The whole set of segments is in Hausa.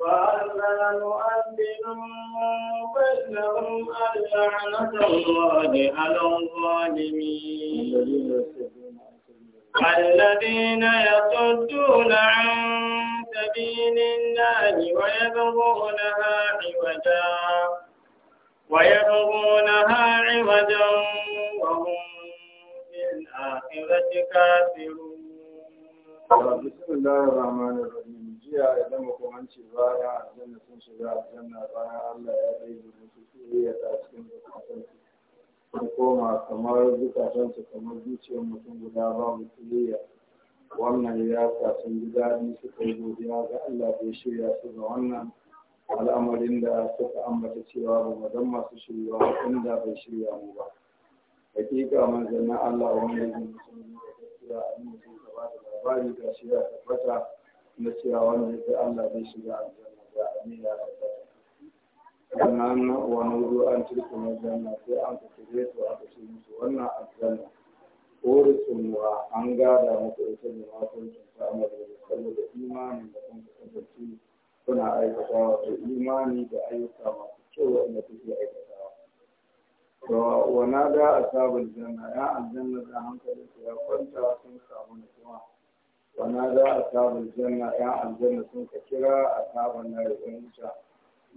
فألا نؤذن بينهم اللعنة الله على الظالمين الذين يصدون عن سبيل الله ويبغونها عوجا ويبغونها عوجا وهم في الآخرة كافرون بسم الله الرحمن الرحيم jiya idan ba kuma ce baya da sun shiga na bayan Allah ya bai da su su iya ta cikin zukatan su koma kamar zukatan su kamar zuciyar mutum guda babu tsiriya wannan ya sa sun ji daɗi su yi godiya ga Allah bai shirya su ga wannan al'amarin da suka ambata cewa ba ma madan masu shirya da bai shirya mu ba hakika manzannin Allah wanda ya zama musu yi da gaskiya a yi mutum gaba da labari ga shirya tabbata na cewa wanda ya fi Allah zai shiga aljanna da amina da zai sannan wani wuri an cirka na janna sai an ka kire su aka ce musu wannan aljanna orisun wa an gada muku ita da matan su samu da saboda imanin da kun kasance kuna aikatawa da imani da ayyuka masu kyau wanda kuke aikatawa to wana da asabul janna ya aljanna da hankalin ya kwanta sun samu nutsuwa ونادى أصحاب الجنة يا الجنة سنك كرا أصحاب النار إنشاء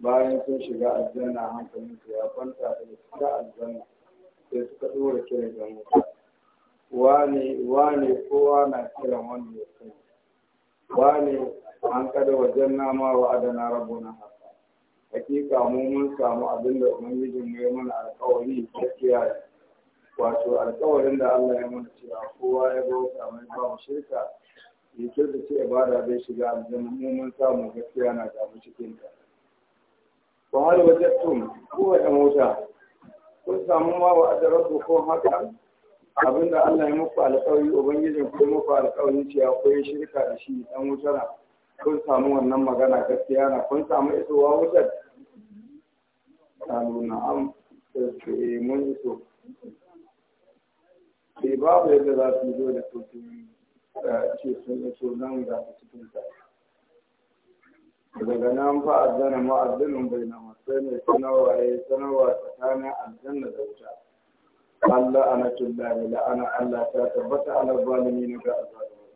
bayan sun shiga aljanna hankali su ya kwanta da shiga aljanna sai suka dora kiran da musa wane wane kowa na kiran wanda ya sani wane an kada wajen nama wa adana na haka hakika mu mun samu abin da ubangijin mu ya mana alkawari gaskiya wato alkawarin da Allah ya mana cewa kowa ya bauta mai babu shirka ya ce ibada bai shiga aljanna mu mun samu gaskiya na samu cikin ta har hal tun huwa ya mota kun samu ma wa adarabu ko haka abinda Allah ya muku alƙawari ubangijin ku muku alƙawari ce ko koyi shirka da shi dan wutar kun samu wannan magana gaskiya na kun samu isowa wutar kalu na'am sai eh, mun iso sai eh, babu yadda za su zo da sosai ce sun iso zan ga cikin ta daga nan fa azana ma azanin bai na masai mai sanarwa ya sanarwa tsakanin aljanna da wuta Allah ana tullahi la'ana Allah ta tabbata ala zalimi na ga azalimi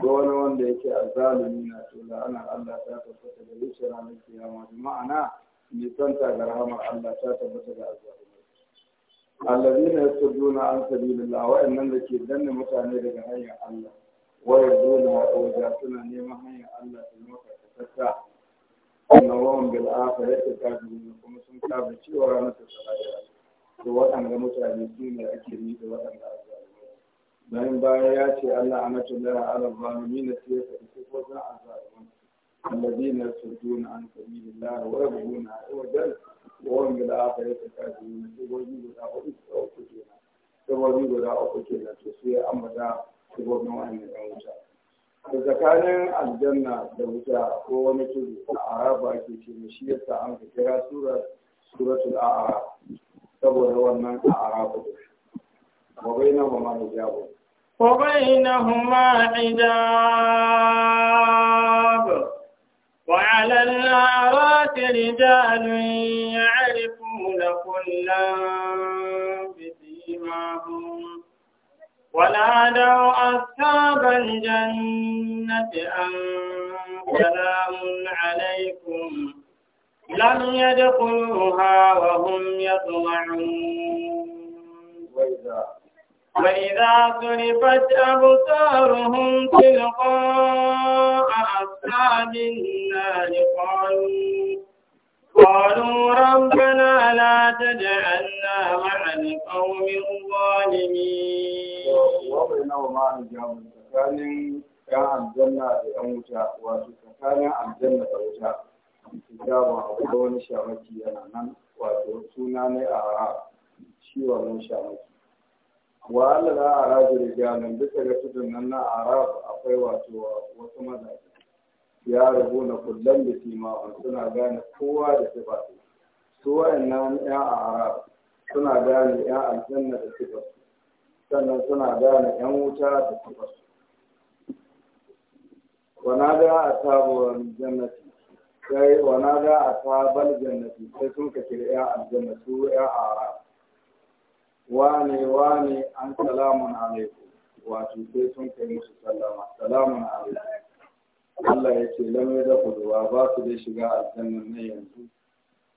ko wani wanda yake azalimi na to la'ana Allah ta tabbata da yusra na kiyama ma'ana nisanta ga rahama Allah ta tabbata ga azalimi alladhina yasudduna an sabilillah wa'annan da ke danne mutane daga hanyar Allah wa yaduna wa suna neman hanyar Allah su maka tattata annabawan bil akhirati kafirun kuma sun kafa cewa ranar ta sarayya to waɗanda mutane su ne ake yi da waɗanda azalimai bayan baya ya ce Allah anatu la ala zalimin sai ka ko san azalimai الذين يصدون عن سبيل الله ويبغون عوجا وهم بالآخرة كافرون سبوبي غدا أوكو كينا سبوبي غدا أوكو كينا تسوي أمدا سبوبي وأن يعوجا da tsakanin aljanna da wuta ko wani tudu a araba ke ce da shi yasa an ka kira surar suratul a'ara saboda wannan a'ara da wa bainahuma hijabun wa bainahuma hijab رجال يعرفون كلا بسيماهم ونادوا أصحاب الجنة أن سلام عليكم لم يدخلوها وهم يطمعون وإذا صرفت أبصارهم تلقاء أصحاب النار قالوا قالوا ربنا لا تجعلنا مع القوم الظالمين tsakanin ‘yan aljanna da ‘yan wuta wato tsakanin aljanna da wuta dama akwai wani shamaki yana nan wato suna ne a ara shi wannan shamaki wa Allah na ara jirgin bisa ga tudun nan na arab akwai wato wasu mazaje ya rabu na kullum da sima'un suna gane kowa da sifa su wa'annan ya a arab suna gane ya aljanna da su, sannan suna gane yan wuta da sifa wana ga a tabon jannati sai wana ga a tabal jannati sai sun ka kira ya aljanna su ya a arab wane wane an salamun alaikum wato sai sun kai musu sallama salamun alaikum Allah ya ce lamai da kuduwa ba su dai shiga aljannan nan yanzu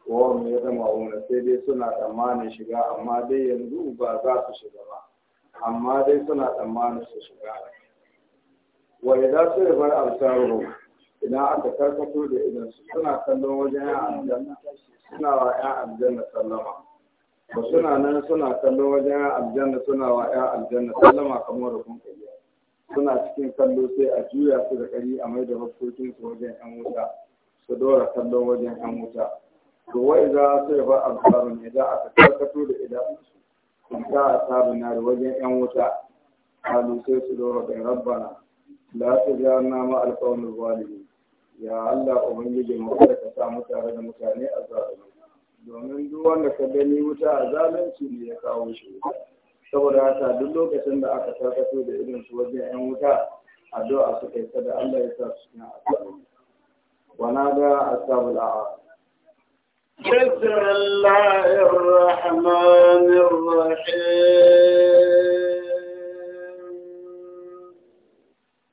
kowa ya zama wuna sai dai suna tsammanin shiga amma dai yanzu ba za su shiga ba amma dai suna tsammanin su shiga wa idan su bar alsaruhu idan aka karkato da idan su suna kallon wajen ya aljanna suna wa yan aljanna sallama ba suna nan suna kallon wajen ya aljanna suna wa ya aljanna sallama kamar rukun kai suna cikin kallo sai a juya su da ƙari a mai da hukokin su wajen yan wuta su dora kallon wajen yan wuta to wai za su yi ba ne idan aka karkato da idanunsu Sun ta a na da wajen yan wuta kalu sai su dora da rabbana la su ja na ma alƙawarin walibi ya Allah ubangiji mu kada ka samu tare da mutane a zalunci domin duk wanda ka gani wuta a zalunci ne ya kawo shi wuta saboda haka duk lokacin da aka sarkato da irin su wajen yan wuta addu'a suka yi da Allah ya sa su cikin addu'a wa na ga ashabul a'a بسم الله الرحمن الرحيم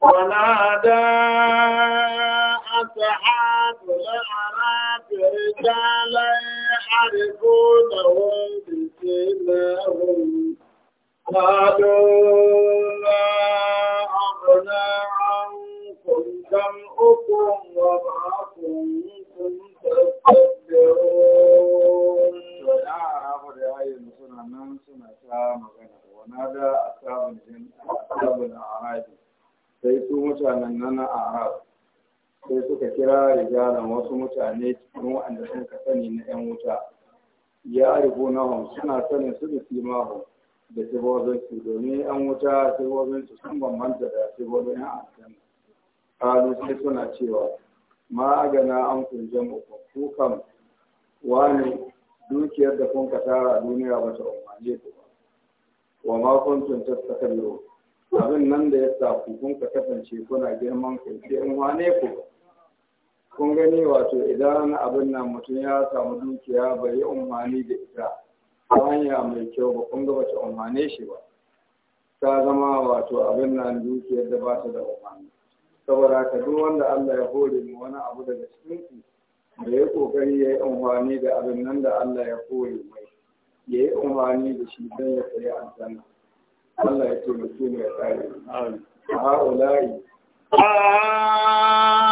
ونادى أصحاب الأعراف رجالا يعرفونهم بسيماهم قالوا ما أغنى عنكم جمعكم وما كنتم تستكبرون ونادى أصحاب su mutanen nan sai suka kira rijalan wasu mutane cikin waɗanda ka sani na 'yan wuta ya suna sanin su da simahu da su domin an wuta su sun bambanta da sibobin yan aljanna kalu sai suna cewa ma an kunje muku ku wani dukiyar da kun tara duniya ba ta umarni ku ba wa ma kuntum tattakabiru abin nan da ya sa ku kun ka kasance kuna girman kai sai in wane ku kun gani wato idan abin nan mutum ya samu dukiya bai yi umarni da ita ta hanya mai kyau ba kun ga bata umarne shi ba ta zama wato abin nan dukiyar da ba ta da umarni saboda ka duk wanda Allah ya hore mu wani abu daga cikin ku da ya kokari ya yi umarni da abin nan da Allah ya hore mai ya yi umarni da shi don ya tsaye aljanna Allah ya taimake mu ya tsare mu Ah!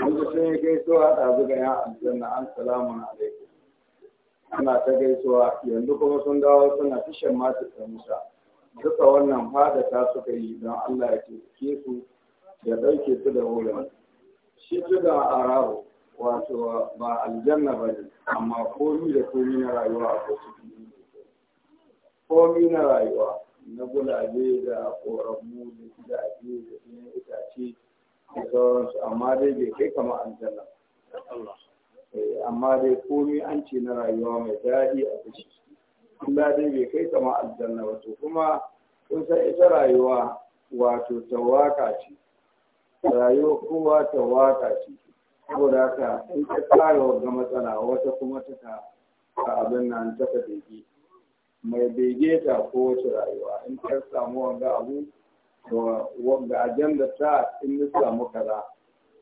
yanzu sun yi gaisuwa a ɗazu ga yan aljanna an salamu alaikum ana ta gaisuwa yanzu kuma sun dawo suna fishin masu musa duka wannan fada ta suka yi don Allah ya ke su ya ɗauke su da wurin shi tuda a rahu wato ba aljanna ba ne amma komi da komi na rayuwa a ciki komi na rayuwa na gulabe da koramu da gidaje da ɗin itace da sauransu amma dai bai kai kama aljanna eh, amma dai komi an ce na rayuwa mai daɗi a fushi in dai bai kai kama aljanna ba to kuma kun san ita rayuwa wato ta waka ce rayuwa kowa waka ce saboda haka in ka tsara wata matsala wata kuma ta ka abin nan ta ka bege mai bege ta kowace rayuwa in ka samu wanga abu wanda ajandar ta in ni samu kaza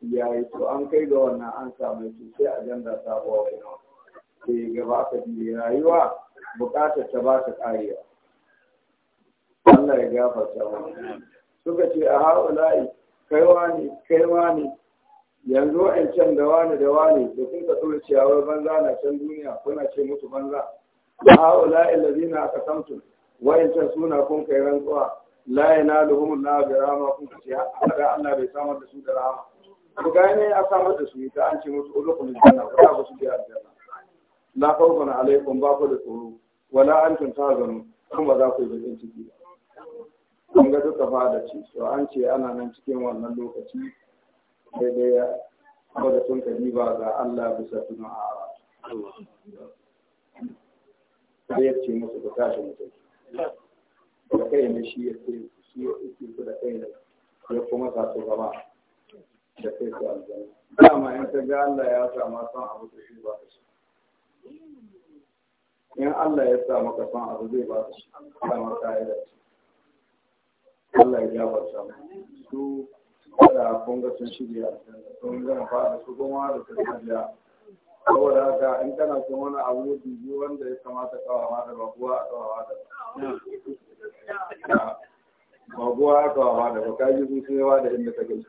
yi to an kai ga wannan an samu shi sai ajanda ta ba wani sai gaba ka ji rayuwa bukatar ta ba ta karewa Allah ya gafarta mana suka ce a haula'i kaiwa ne kaiwa ne yanzu wa'ancan da wani da wani da kun ka tsoro ciyawar banza na can duniya kuna ce musu banza a haula'i lazina aka samtu wa'ancan suna kun kai rantsuwa la yanaluhum na da rama kun ce abada Allah bai samar da su da rama ku ga ne a samar da su ta an ce musu ulukul janna ku ta su da aljanna la na alaikum ba ku da tsoro wala antum tazanun kuma za ku yi bakin ciki ba kun ga duka da ce to an ce ana nan cikin wannan lokaci daidai ba da sun kaji ba ga Allah bisa tunan a Allah. Sai ya ce musu ku tashi mutum. da kai ne shi ya ce shi ya da kai ne ya kuma sa su zama da kai su aljanna dama in ka ga Allah ya sa ma son abu da shi ba ka shi in Allah ya sa maka son abu zai ba ka shi dama ka'ida ce Allah ya gafarta mu su da kun ga sun shirya aljanna sun gama fara su kuma da su shirya saboda haka in kana son wani abu biyu wanda ya kamata kawawa da ba kuwa a kawawa da ba ba kuwa aka wa da ba ka ji su sai wa da inda ka gani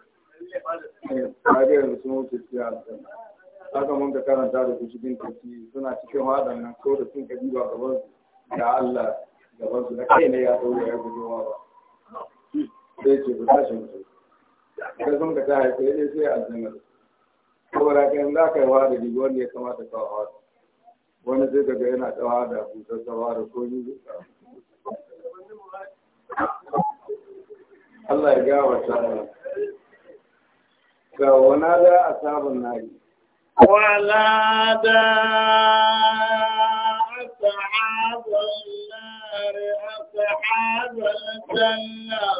ka ga yanzu sun wuce cikin aljanna haka mun ka karanta da su cikin kirki suna cikin waɗannan ko da sun ka diba gaban da Allah gaban su da kai ne ya ɗaure ya gujewa ba sai ce ku tashi mutum sai sun ka ta haife sai sai aljanna Ko kai za ka yi wa da wanda ya kamata ka wa wani sai ka ga yana tsawa da busassawa da ko da tsawa Allah ya gawata ga wana a sabon nari wala da ashabun nari ashabul jannah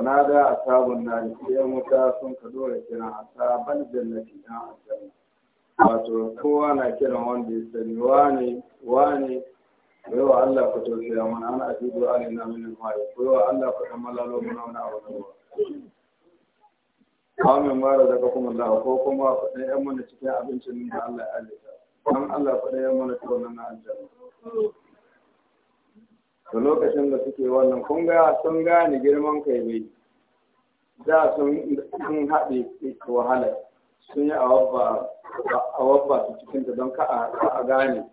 nada asabun sabon sai yan wuta sun ka dora kiran sabon jannati dan aljanna wato kowa na kiran wanda ya sani wani wani. yawa Allah ku tausaya mana ana ajibu alina na minin mai ko yawa Allah ku dan malalo mana wani abu ne kawo mara daga kuma Allah ko kuma ku dan yan mana cikin abincin da Allah ya alika dan Allah ku dan yan mana tuwon na aljanna to lokacin da suke wannan kun ga sun gane girman kai ne da sun haɗe wahala sun yi awabba su cikin ta don ka a gane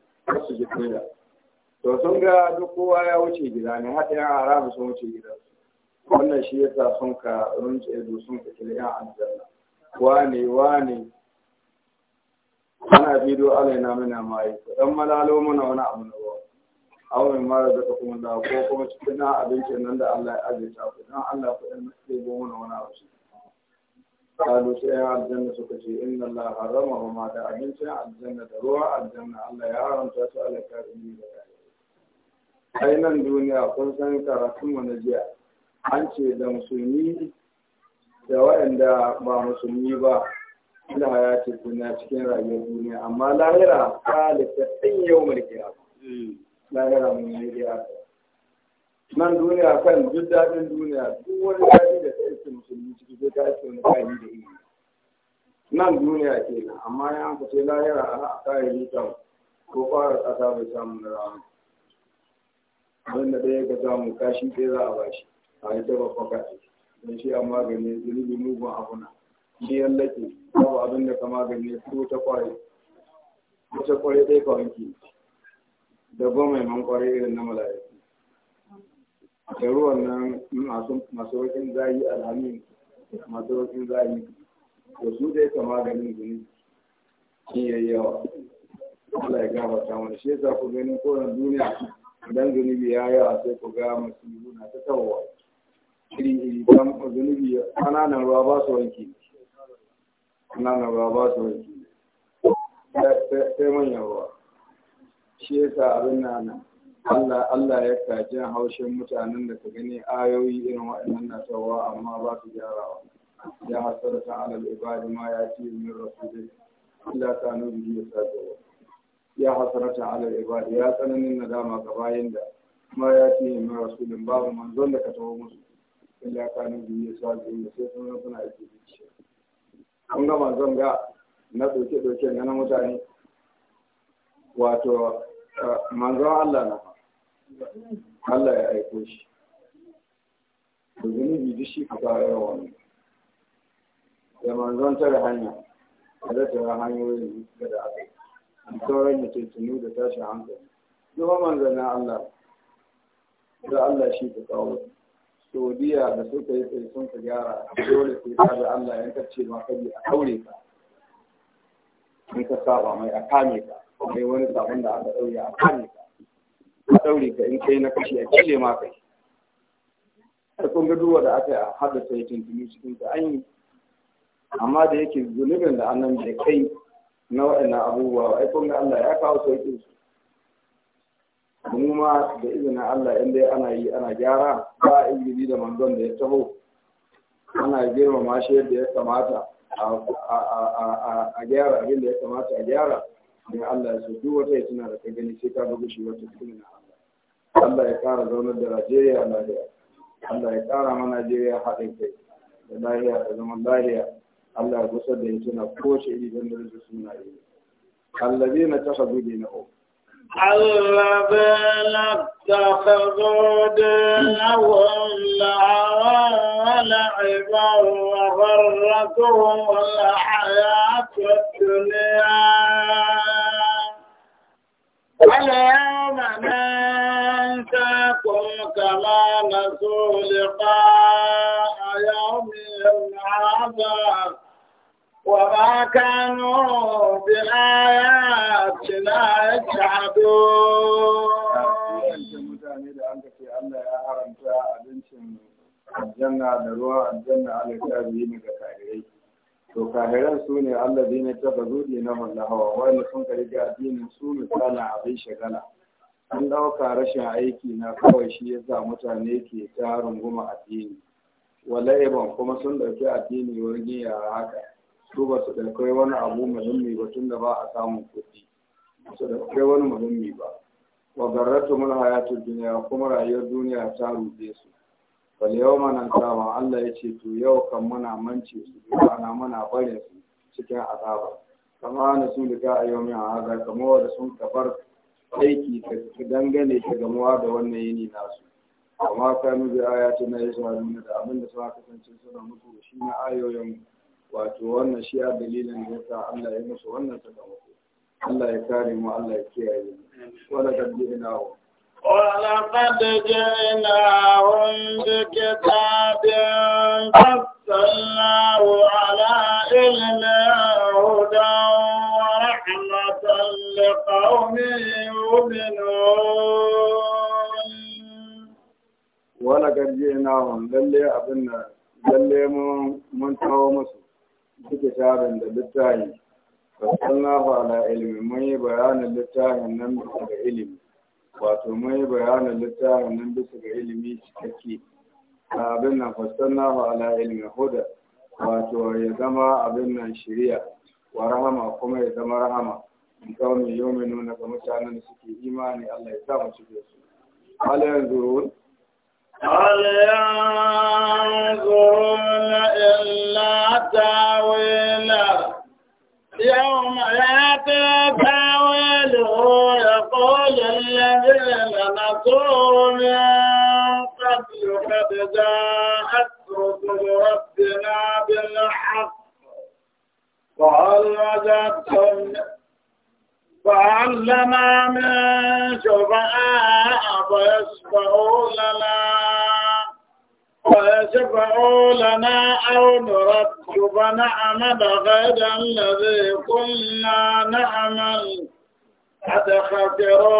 su ji koya to sun ga duk kowa ya wuce gida ne haɗe yan arabu sun wuce gida wannan shi yasa sun ka runce ido sun ka kira yan aljanna wane wane ana bidiyo alaina muna mai dan malalo muna wani abu na ba. Auren mara da kuma da ko kuma cikin na abincin nan da Allah ya ta ku dan Allah ku dan sai go mana wani abu kalu sai ya aljanna suka ce inna Allah harama wa da abincin aljanna da ruwa aljanna Allah ya haramta su ala karimi da kai nan duniya kun san karatun mu na jiya an ce da musulmi da waɗanda ba musulmi ba ila ya ce kuna cikin rayuwar duniya amma lahira ta littattun yau mulki lahira mu ne da haka nan duniya kan duk daɗin duniya duk wani daɗi da ta iske musulmi ciki sai ta iske wani kayi da ilimi nan duniya ke nan amma ya an kace lahira a kayan kan ko fara ƙasa bai samu na rana wanda ɗaya ka samu kashi ɗaya za a bashi a yi ta babban kashi don shi an magani zunubi mugun abu na shi yan lake babu abin da ka magani ko ta kwarai ko ta kwarai ɗaya ka wanke da goma man kwarai irin na mala'iku da ruwan nan masu wakin zahi alhamin masu wakin zahi da su dai kama ganin gini shi ya yawa Allah ya gafarta mana shi ya ku ganin koren duniya idan zunubi ya yi yawa sai ku ga musibu na ta tawowa iri iri kan zunubi kananan ruwa ba su wanki kananan ruwa ba su wanki sai manyan ruwa shi yasa abin nan Allah Allah ya kajin haushin mutanen da ka gani ayoyi irin waɗannan na tsawo, amma ba su gyarawa ya hasara ta alal ibadi ma ya ci min ta nubi kanu sa yasabu ya hasara ta alal ibadi ya tsananin nadama ga bayan da ma ya ci min rasulin babu manzon da ka tawo musu illa kanu bihi yasabu sai sun suna aiki kun ga manzon ga na doke-doke na mutane wato manzon Allah na Allah ya aiko shi da zunubi duk shi ka bayar wani da manzon tare hanya a da tare hanyoyin da da aka yi sauran mutuntunu da tashin hankali duk manzannin Allah da Allah shi ka kawo saudiya da suka yi tsaye sun ka gyara dole sai ka da Allah ya ce ma kabi a kaure ka in ka saba mai a kame ka sai wani sabon da aka ɗaure a kan ka ɗauri ka in kai na kashi a kile ma kai sai kun ga da aka yi a haɗa tuntuni cikin ta an yi amma da yake zunubin da annan bai kai na waɗannan abubuwa ai kun ga Allah ya kawo sauƙin su mu ma da izinin Allah in dai ana yi ana gyara ba a izini da manzon da ya taho ana girmama shi yadda ya kamata a gyara abin da ya kamata a gyara in Allah ya so duk wata ya tuna da ta gani sai ka ga shi wata na Allah Allah ya kara zaunar da Najeriya lafiya Allah ya kara ma Najeriya haɗin kai da lafiya da zaman lafiya Allah ya gusa da ya tuna kowace iri don da su suna yi allah na na o. الذين اتخذوا دينهم الذين اتخذوا na لعبا ولعبا وغرتهم الحياة الدنيا واليوم ننساكم كما نسوا لقاء يومهم هذا وما كانوا بآياتنا يجحدون. aljanna da ruwa aljanna ala kafirin ga kahirai to kahiran su ne allazi ne ta bazudi na wallahawa Wani sun ka rike addinin su misalin abin shagala an ɗauka rashin aiki na kawai shi yasa mutane ke ta runguma addini wala'iban kuma sun ɗauki addini wurin yara haka su ba su ɗaukai wani abu muhimmi ba tun da ba a samun kuɗi su ɗaukai wani muhimmi ba wa garratu mun hayatu duniya kuma rayuwar duniya ta rufe su wal yawma nansama Allah ya ce to yau kan muna mance su ana muna bare su cikin azaba kama na su liga a haka, kamar wanda sun kafar aiki su dangane ta gamuwa da wannan yini nasu amma kanu bi ayati na yesu nuna da abinda suka su suna mutu shi na ayoyin wato wannan shi a dalilin da yasa Allah ya musu wannan sakamako Allah ya kare mu Allah ya kiyaye mu wala kaddi ina ولقد جئناهم بكتاب فصلناه على علم هدى ورحمة لقوم يؤمنون ولقد جئناهم للي أبنا للي من تومس بكتاب للتاهي فصلناه على علم من يبيان للتاهي النمر على علم wato mai bayanin littafin nan bisa ga ilimi cikakke abin nan fassarna ba ala ilmi huda wato ya zama abin nan shiriya wa rahama kuma ya zama rahama in kawai yau mai nuna ga mutanen da suke imani Allah ya sa mu cike su hal yanzu هل ينظرون إلا تاويله يوم يأتي الذين مكروا من قبل قد جاءت رسل ربنا بالحق فهل وجدتم فهل من شفعاء فيشفعوا لنا فيشفعوا لنا أو نرد فنعمل غير الذي كنا نعمل قد خسروا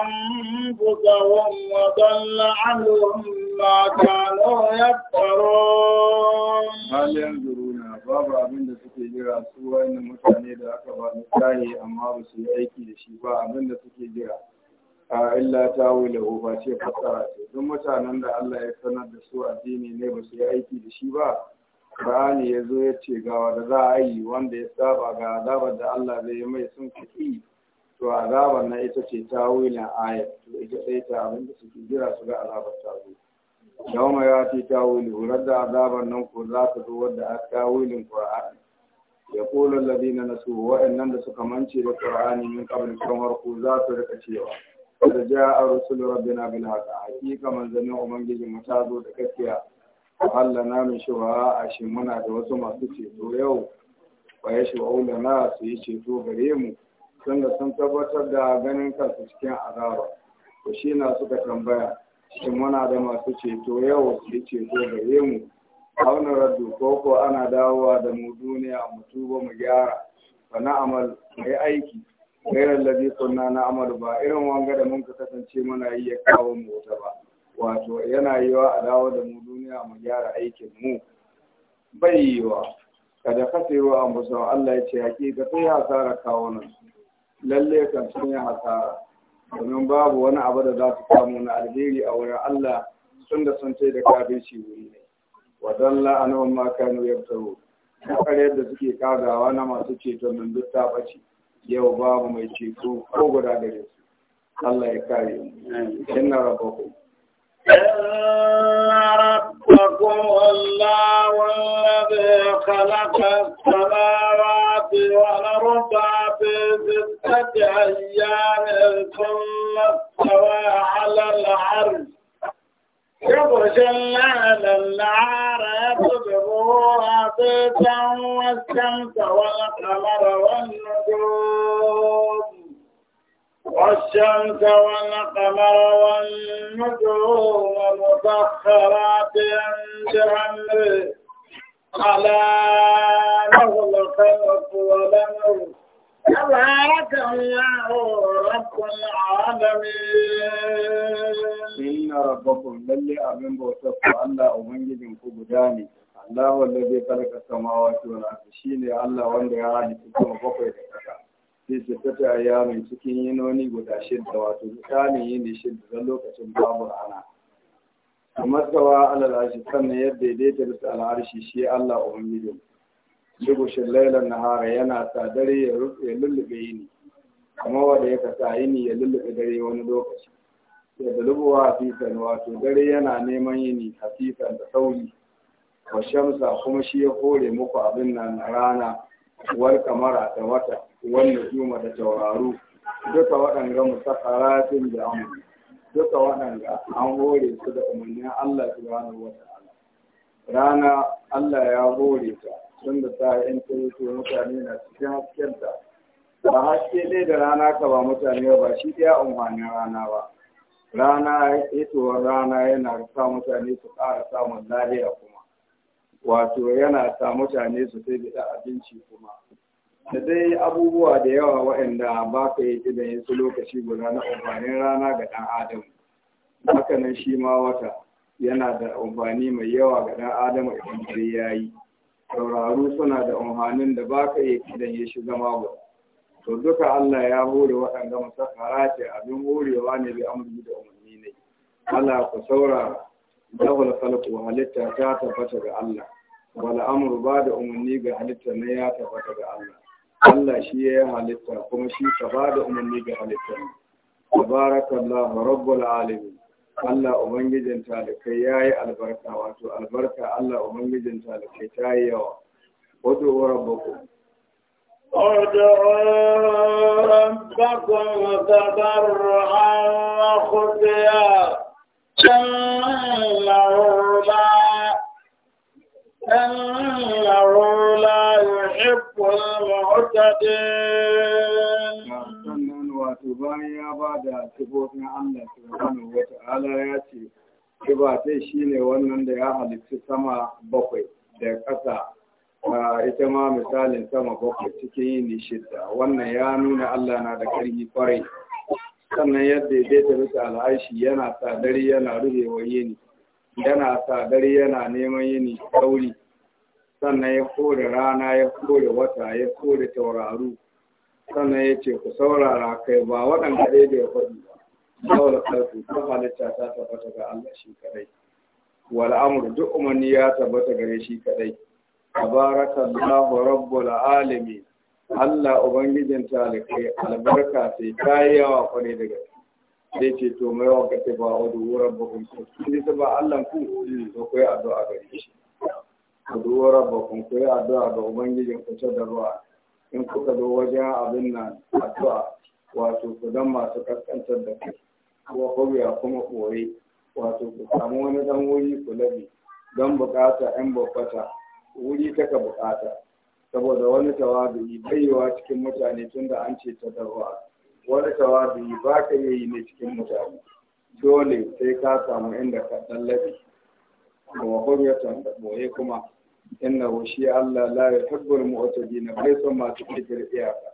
أنفسهم وضل عنهم ما كانوا يفترون هل ينظرون babu abin da suke jira su wa'annan mutane da aka ba misali amma ba su yi aiki da shi ba abin da suke jira a illa ta wule ba ce fasara ce mutanen da Allah ya sanar da su addini ne ba su yi aiki da shi ba Qur'ani ya zo ya ce ga wanda za a yi wanda ya saba ga azabar da Allah zai mai sun kaɗi to azabar na ita ce ta wilin ayat to ita sai ta abin da suke jira su ga azabar ta zo yawma ya ce ta wuli horar da azabar nan ko za ta zo wadda a ta wilin Qur'ani ya kula na nasu wa'annan da suka mance da Qur'ani min qabl kamar ku za su rika cewa da ja'a rabbi na bil haqq hakika manzanin ubangijin mu ta zo da gaskiya Allah na min shuwa a shi muna da wasu masu ceto yau ba ya wula na su yi ceto gare mu sun da sun tabbatar da ganin kansu cikin azaba to shi na suka tambaya shi muna da masu ceto yau su yi ceto gare mu auna raddu ko ko ana dawowa da mu duniya mu tuba mu gyara fa na amal mai aiki gairar ladi na amal ba irin wanga da mun ka kasance muna yi ya kawo mu wuta ba wato yana yiwa a dawo da mu duniya mu gyara aikin mu bai yiwa kada ka kasewa a musu Allah ya ce hakika sai hasara kawo nan lalle kan sun yi hasara domin babu wani abu da za su samu na alheri a wurin Allah sun da sun ce da shi wuri ne wa dalla anhum ma kanu yabtaru kare yadda suke kagawa na masu ceto nan duk ta bace yau babu mai ceto ko guda gare su Allah ya kare mu inna rabbakum إن ربكم الله الذي خلق السماوات والأرض في ستة أيام ثم استوى على العرش يغشى الليل النهار يطلبه عطيتا والشمس والقمر والنجوم والشمس والقمر والنجوم مسخرات بأمره على له الخلق والأمر تبارك الله رب العالمين إن ربكم للي أبن بوتكم ألا أبنجدكم بداني الله الذي خلق السماوات والأرض شيني الله وندي عادي تكون بقيت ta mai cikin yinoni guda shidda wato misalin yini shidda don lokacin babu ana. a matsawa alal arshi sannan ya daidaita bisa al'arshi shi Allah ubangijin shigushin lailan Hara yana sa dare ya lullube yini kamar wanda ya kasa yini ya lullube dare wani lokaci ya dalubuwa hafifan wato dare yana neman yini hafifan da sauri wa shamsa kuma shi ya kore muku abin nan rana war kamara da wata wanda juma da tauraro duka waɗanga musakaratin da amur duka waɗanda, an hore su da umarnin Allah subhanahu wa ta'ala rana Allah ya hore ta tun da ta in ta yi mutane na cikin haskenta ba haske ɗaya da rana ka ba mutane ba shi ɗaya umarnin rana ba rana hitowar rana yana sa mutane su ƙara samun lahiya kuma wato yana sa mutane su sai bida abinci kuma da dai abubuwa da yawa waɗanda ba ka yi da yin lokaci guda na amfanin rana ga ɗan adam haka nan shi ma wata yana da amfani mai yawa ga ɗan adam idan sai ya yi sauraro suna da amfanin da ba ka yi da ya shiga zama to duka Allah ya hore waɗanda musakara ce abin horewa ne bi amri da umarni ne Allah ku saurara dawal khalqu halitta ta tabbata ga Allah wal amur ba da umarni ga halitta ne ya tabbata ga Allah Allah shi ya yi halitta kuma shi ka ba da umarni ga halitta tabarakallahu rabbul alamin Allah ubangijin talakai ya yi albarka wato albarka Allah ubangijin talakai ta yi yawa wato wa rabbaku ادعوا ربكم تضرعا يحب sannan wato bayan ya ba da sifofin Allah subhanahu wa ta'ala ya ce shi shine wannan da ya halitta sama bakwai da ƙasa ita ma misalin sama bakwai cikin yini shidda wannan ya nuna Allah na da ƙarfi kwarai sannan yadda ya daita bisa al'aishi yana sadari yana ruhewa yini yana sadari yana neman yini sauri sannan ya kore rana ya kore wata ya kore tauraru sannan ya ce ku saurara kai ba waɗanda ɗaya da ya faɗi saboda ƙarfi ta halitta ta tabbata ga Allah shi kaɗai wal amru duk umarni ya tabbata gare shi kaɗai Allahu rabbul alamin Allah ubangijin talikai albarka sai ta yi yawa kwarai daga shi. sai ce to mai wa kace ba wa duwuran bukunku sai ba Allah ku da kai addu'a gare shi kaduwa ba ku yi addu'a ga ubangijin ku da ruwa in kuka zo wajen abin nan addu'a wato ku dan masu kaskantar da kai kuma kobiya kuma koyi wato ku samu wani dan wuri ku labi don bukata yan babbata wuri taka bukata saboda wani tawabi baiwa cikin mutane tunda an ce ta ruwa wani tawabi ba ka yi ne cikin mutane dole sai ka samu inda ka tallafi kuma huriyatan da boye kuma Inna shi Allah la yuhibbul mu'tadin bai son masu kirkir iyaka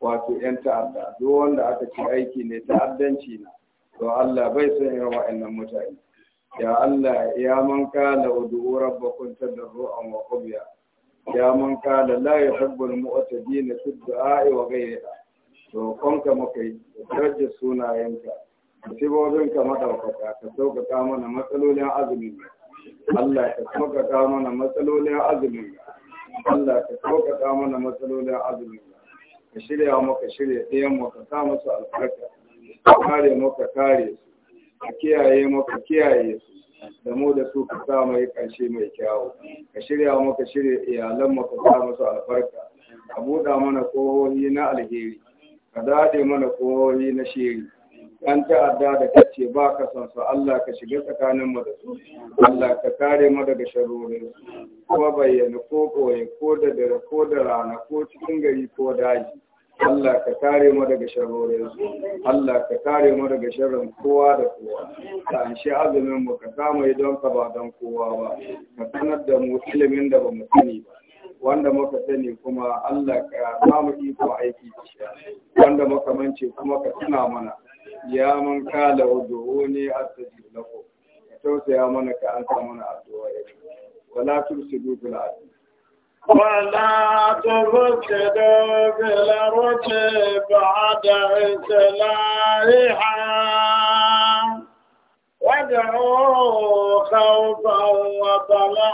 wato yan ta'adda duk wanda aka ci aiki ne ta'addanci na to Allah bai son irin wa'annan mutane ya Allah ya man kala ud'u rabbakum an wa qubiya ya man kala la yuhibbul mu'tadin fi du'a'i wa ghayriha to konka mukai daraja sunayenka sibobinka madaukaka ka sauƙaƙa mana matsalolin azumi Allah ka sauƙaƙa mana matsalolin azumin Allah ka sauƙaƙa mana matsalolin azumin ka shirya maka shirya ɗayan ka sa musu albarka ka kare maka kare su ka kiyaye maka kiyaye su da mu da su ka sa mai ƙarshe mai kyawu ka shirya maka shirya iyalan maka sa musu albarka ka buɗa mana kohohi na alheri ka daɗe mana kohohi na shiri an ta'adda da kace ba ka san su Allah ka shiga tsakanin mu da su Allah ka kare mu daga sharorin ko bayyana ko koyi ko da dare ko da rana ko cikin gari ko daji Allah ka kare mu daga sharorin Allah ka kare mu daga sharrin kowa da kowa ka anshi azumin mu ka samu idan ka ba dan kowa ba ka sanar da mu ilimin da ba mu sani ba wanda muka sani kuma Allah ka ba mu iko aiki wanda muka mance kuma ka tuna mana ya man kala ud'uni astajib lakum ka ya mana ka an samu na addu'a wala tusidu bil ardi ولا تفسدوا في الأرض بعد إصلاحها وادعوا خوفا وطمعا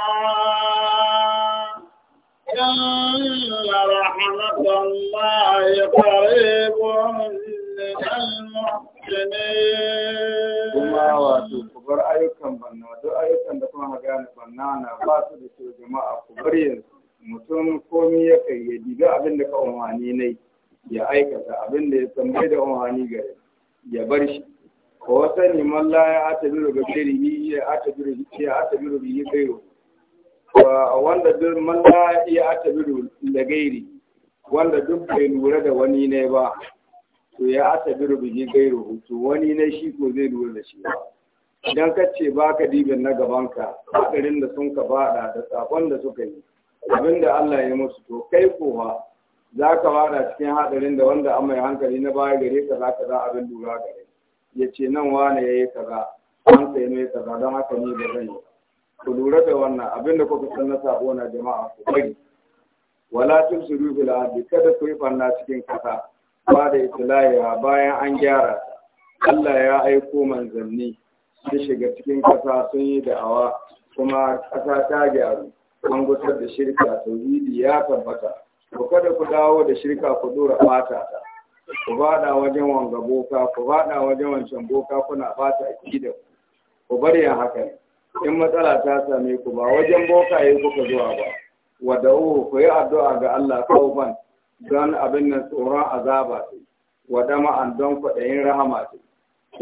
إن ya الله قريب kuma wato ku bar ayyukan banna duk ayyukan da kuma gane banna na ba su da kyau jama'a ku bar yanzu mutum komi ya kai ya dibi abin da ka umarni ne ya aikata abin da ya tambayi da umarni gare ya bar shi ko wata neman la ya ata biro ga shiri ya ata biro ya ata biro bi kairo wanda duk man la ya ata biro da gairi wanda duk bai lura da wani ne ba to ya asabiru bihi gairu to wani na shi ko zai lura da shi idan ka ce ba ka dibin na gaban ka, hadarin da sun ka bada da sakon da suka yi abinda Allah ya musu to kai kowa za ka bada cikin hadarin da wanda amma hankali na baya gare ka za ka za abin lura gare ya ce nan wane ya yi kaza an sai mai kaza don haka ni da zan yi ku lura da wannan abinda kuka san na sabo na jama'a ku bari wala su fil ardi kada ku yi fanna cikin kasa ba da itilaya bayan an gyara Allah ya aiko manzanni su shiga cikin ƙasa sun yi da'awa kuma ƙasa ta gyaru an gusar da shirka tauhidi ya tabbata ku kada ku dawo da shirka ku dora fata ta ku bada wajen wanga boka ku bada wajen wancan boka kuna bata akida ku bari ya haka in matsala ta same ku ba wajen boka yayi kuka zuwa ba wada'u ku yi addu'a ga Allah tauban don abin nan tsoron azaba ce wa dama'an don kwaɗayin rahama ce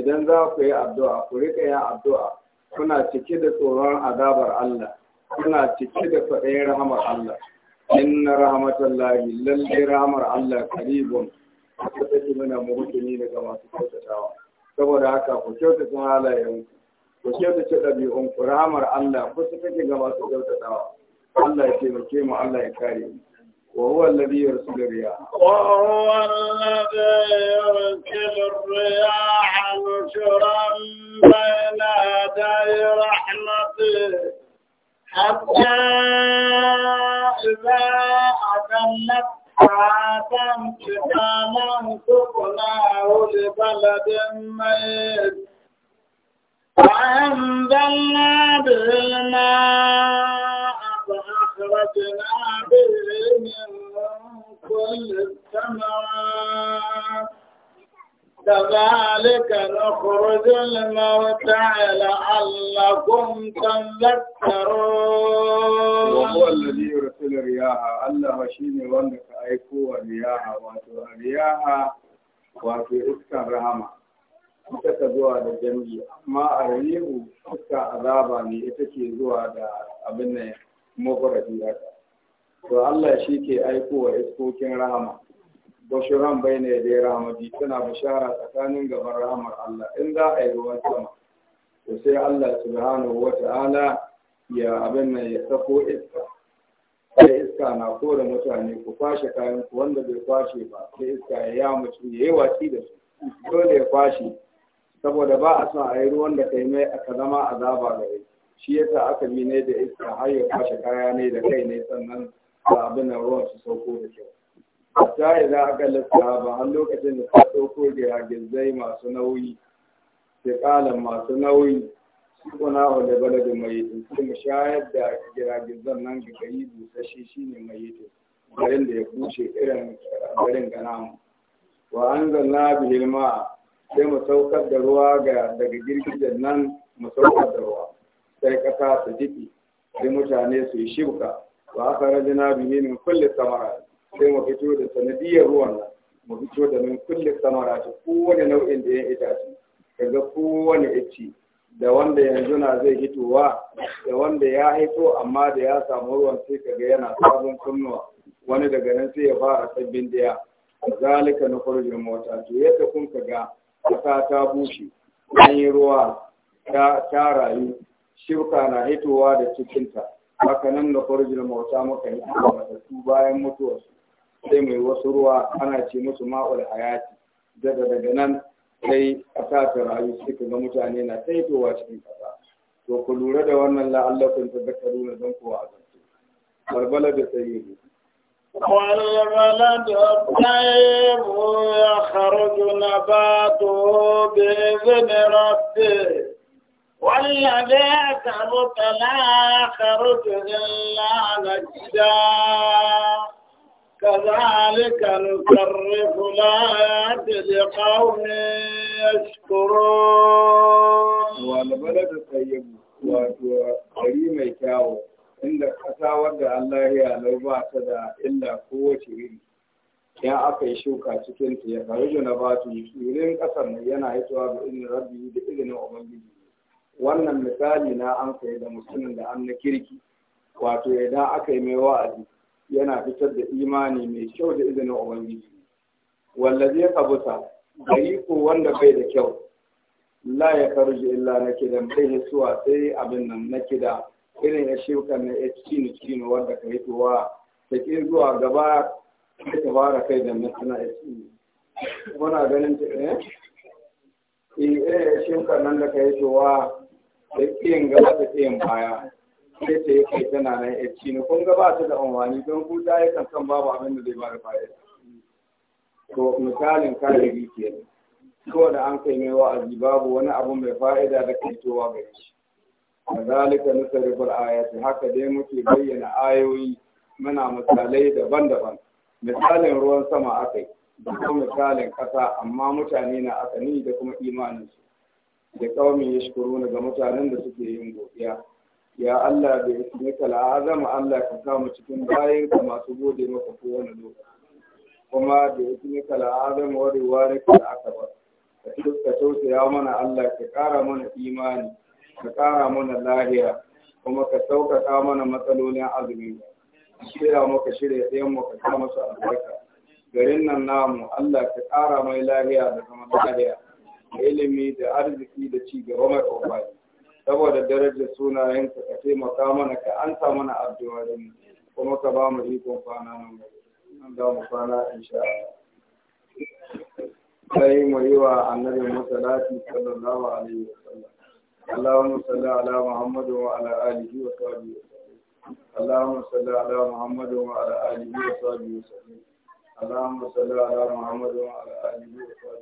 idan za ku yi addu'a ku riƙa yin addu'a kuna cike da tsoron azabar Allah kuna cike da kwaɗayin rahamar Allah inna rahmatan rahmatallahi lalle rahmar Allah karibun ta take mana muhimmi daga masu kyautatawa saboda haka ku kyautata halayen ku kyautata ɗabi'un ku rahmar Allah ku take ga masu kyautatawa Allah ya taimake mu Allah ya kare mu وهو الذي يرسل الرياح وهو الذي يرسل الرياح نشرا بين يدي رحمته حتى إذا أقلت ساعة كتاما سقناه لبلد ميت وأنزلنا به الماء وأخرجنا به من كل الثمرات كذلك نخرج الموتى لعلكم تذكرون وهو الذي يرسل الرياح الله شيني وانك ايكو الرياح واتو الرياح واتو اسكا رحمة ita ka zuwa da jami'i amma a rayu iska azaba ne ita ke zuwa da abin nan mafaradi haka to Allah shi ke aiko wa iskokin rahama bashiran bai ne rahama rahamadi tana bishara tsakanin gaban rahamar Allah in za a yi ruwan sama to sai Allah subhanahu wa ta'ala ya abin nan ya sako iska sai iska na kore mutane ku kwashe kayan ku wanda bai kwashe ba sai iska ya ya mutu ya yi watsi da su dole ya kwashe saboda ba a son a yi ruwan da kai mai aka zama azaba yake. shi yasa aka bi ne da iska har ya kwashe kaya ne da kai ne sannan ba abin nan ruwan su sauko da kyau hatta za aka lissa ba har lokacin da ta da ragizai masu nauyi fiƙalan masu nauyi sukuna wanda baladin mai yi mu shayar da ragizan nan ga gari shi shine mai yi garin da ya kushe irin garin ganamu wa an zanna bihilma sai mu saukar da ruwa daga girgizan nan mu saukar da ruwa sai kasa ta jiki, sai mutane su yi shirka wa aka na bi min kulle samara sai mu fito da sanadiyar ruwan nan mu fito da min kulle samara ta kowane nau'in da ya itace daga kowane ici da wanda yanzu na zai hitowa da wanda ya hito amma da ya samu ruwan sai ga yana sabon kunnuwa wani daga nan sai ya fara sabbin daya zalika na kurjin mota to yadda kun ga. ƙasa ta bushe an yi ruwa ta rayu shirka na hitowa da cikinta haka nan da farjil mauta muka hitowa matattu bayan mutuwarsu sai mai wasu ruwa ana ce musu ma'ul hayati daga daga nan sai a ta rayu suka ga mutane na ta hitowa cikin kasa to ku lura da wannan la'allakun ta da nuna don kowa a zance barbala da tsayi والولد الطيب يخرج نباته بإذن ربه والذي da لا خرج إلا نجدا كذلك نصرف الآيات لقوم يشكرون والبلد mai kyawu inda ƙasa wadda Allah ya lau ta da illa kowace iri ya aka yi shuka cikin ya faru da na ba su ƙasar yana hitowa ga inin rabbi da izinin ubangiji wannan misali na an sai da mutumin da an na kirki wato idan aka yi mai wa'azi yana fitar da imani mai kyau da izinin ubangiji wallazi ya kabuta yi ko wanda bai da kyau la ya karuji illa na kidan bai hisuwa sai abin nan na da. irin ya shirka na ya cinu cinu wanda ka hitowa ta ke zuwa gaba ta fara kai da suna ya cinu muna ganin ta eh eh shirka nan da ka hitowa da kiyan gaba da kiyan baya sai ta yi kai tana nan ya ci ni kun gaba ta da amfani don huta ya kan san babu abin da zai ba da baya to misalin rike ke ko da an kai mai wa'azi babu wani abu mai fa'ida da kai towa ga shi kazalika nusarrifal ayati haka dai muke bayyana ayoyi muna misalai daban-daban misalin ruwan sama akai da kuma misalin kasa amma mutane na asali da kuma imaninsu da kaumin yashkuruna ga mutanen da suke yin godiya ya Allah Da kala a al'azama Allah ka kama cikin bayan ka masu gode maka kowane lokaci kuma da ismika al'azama wa wani wani ka ka tausaya mana Allah ka kara mana imani ka kara mana lahiya kuma ka sauƙaƙa mana matsalolin azumi ka shirya maka shirya ɗayan mu ka kama su albarka garin nan namu Allah ka kara mai lahiya da zaman lahiya da ilimi da arziki da ci gaba mai ƙwaƙwari saboda darajar sunayen ka ka taimaka mana ka an sa mana abdiwari kuma ka ba mu ikon kwana nan nan da mu kwana in sha Allah. Sai mu yi wa annabi Musalati sallallahu alaihi wa sallam. Allahumma salli ala Muhammadu wa ala alihi wa sahbihi wa sallam. Allahumma salli ala Muhammadu wa ala alihi wa sahbihi wa sallam. Allahumma salli ala Muhammadu wa ala alihi wa sahbihi wa sallam.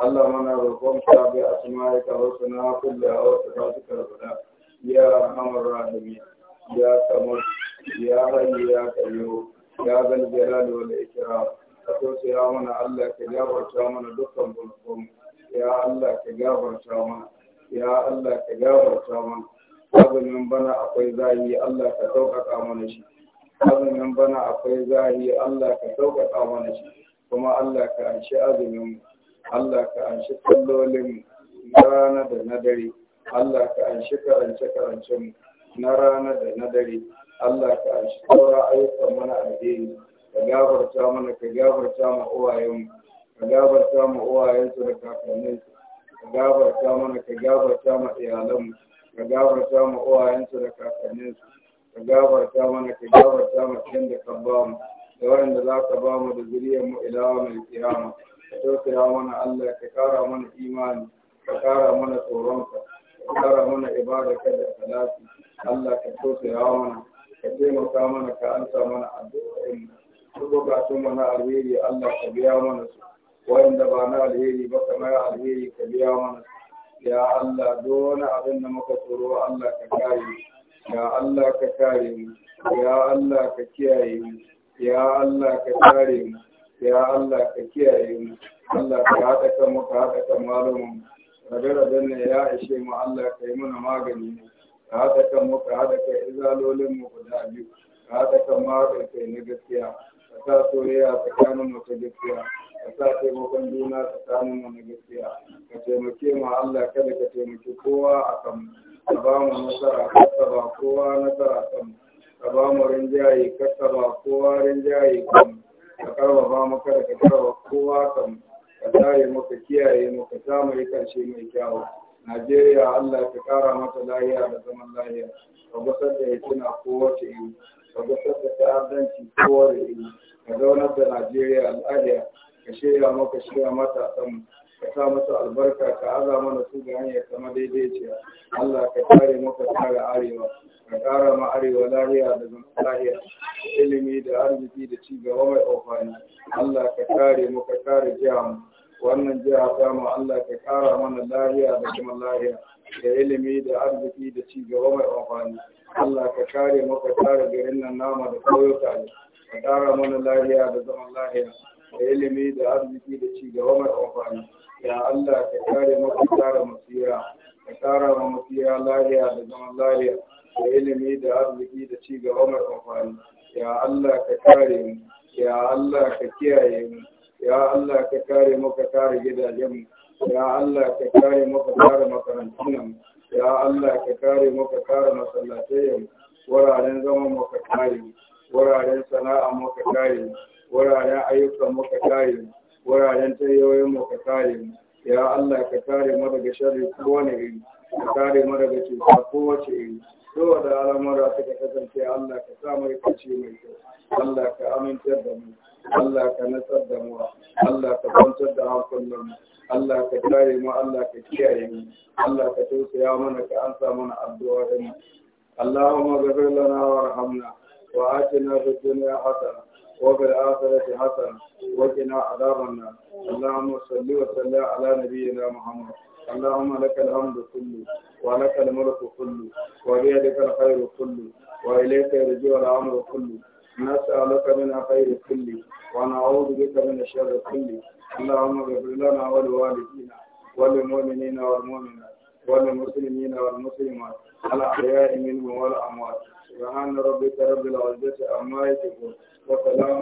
Allah muna roƙon ka bi asma'ika wa sunaha kullaha wa sifatika al-ula ya arhamar rahimin ya samad ya hayyu ya qayyum ya zal jalali wal ikram ka tausaya mana Allah ka gafarta mana dukkan gunubanmu ya Allah ka gafarta mana ya Allah ka gafarta mana azumin bana akwai zahi Allah ka sauƙaƙa mana shi azumin bana akwai Allah ka shi kuma Allah ka anshi azumin mu Allah ka an anshi sallolin rana da na dare Allah ka an anshi karance karancen na rana da na dare Allah ka an anshi saura ayyukan mana alheri ka gabarta mana ka gabarta ma uwayen ka gabarta ma uwayen su da kakannin ka gabarta mana ka gabarta ma iyalan ka gabarta ma uwayen su da kakannin su ka gabarta mana ka gabarta ma kin da ka ba mu da wanda za ka ba mu da zuriyar mu ilawa mai kiyama ka tausaya mana Allah ka kara mana imani ka kara mana tsoronka ka kara mana ibada ka da salati Allah ka tausaya mana ka taimaka mana ka ansa mana addu'o'in su bukatun na alheri Allah ka biya mana su wanda ba na alheri ba kamar alheri ka biya mana su ya Allah duk wani abin da muka tsoro Allah ka kare ya Allah ka kare mu ya Allah ka kiyaye mu ya Allah ka kare mu ya Allah ka kiyaye mu Allah ka haɗa kan mu ka haɗa kan malumin rabe-raben ne ya ishe mu Allah ka yi mana magani mu. ka haɗa kan mu ka haɗa kan izalolin mu guda biyu ka haɗa kan magani kai na gaskiya ka sa soyayya tsakanin mu ta gaskiya ka sa taimakon juna tsakanin mu na gaskiya ka taimake mu Allah kada ka taimaki kowa a kan mu ka ba mu nasara kasa ba kowa nasara kan mu ka ba mu rinjaye kasa ba kowa rinjaye kan mu ka karfafa mu kada ka karba kowa kan ka mu ka kiyaye mu ka ta yi mai kyawu Najeriya Allah ka kara mata lahiya da zaman lahiya ka gusar da hikima kowace yi ka gusar da ta'addanci kowace iri ka zauna da Najeriya al'adiya ka shirya maka shirya matasan mu ka sa musu albarka ka aza mana su ga hanyar sama daidai daidaiciya Allah ka kare maka kare arewa ka kara ma arewa lahiya da zama lahiya ilimi da arziki da ci gaba mai amfani Allah ka kare mu ka kare jiha mu wannan jiha ta mu Allah ka kara mana lahiya da kuma lahiya da ilimi da arziki da ci gaba mai amfani Allah ka kare mu ka kare garin nan nama da kauyuka ne ka kara mana lahiya da zaman lahiya da ilimi da arziki da ci gaba mai amfani ya Allah ka kare mu ka kare mu tsira ka kare mu tsira lahiya da zaman lahiya da ilimi da arziki da ci gaba mai amfani ya Allah ka kare mu ya Allah ka kiyaye mu ya Allah ka kare mu ka kare gidajen mu ya Allah ka kare mu ka kare makarantun mu ya Allah ka kare mu ka kare masallatai mu wuraren zaman mu ka kare mu wuraren sana'a mu ka kare mu wuraren ayyukan mu ka kare mu wuraren tayoyin mu ka kare mu ya Allah ka kare mu daga sharri kowane iri ka kare mu daga cuta kowace iri da al'amura suka kasance Allah ka sa mai kace mai kyau Allah ka amintar da mu Allah ka nasar da mu Allah ka kwantar da hankulan mu Allah ka kare mu Allah ka kiyaye mu Allah ka tausaya mana ka ansa mana addu'a mu اللهم اغفر لنا وارحمنا وآتنا في الدنيا حسنه وبالآخرة حسنة وقنا عذاب النار اللهم صل وسلم على نبينا محمد اللهم لك الحمد كله ولك الملك كله وبيدك الخير كله وإليك يرجع الأمر كله نسألك من الخير كله ونعوذ بك من الشر كله اللهم اغفر لنا ولوالدينا وللمؤمنين والمؤمنات وللمسلمين والمسلمات الأحياء منهم والأموات سبحان ربك رب العزة عما يصفون وسلام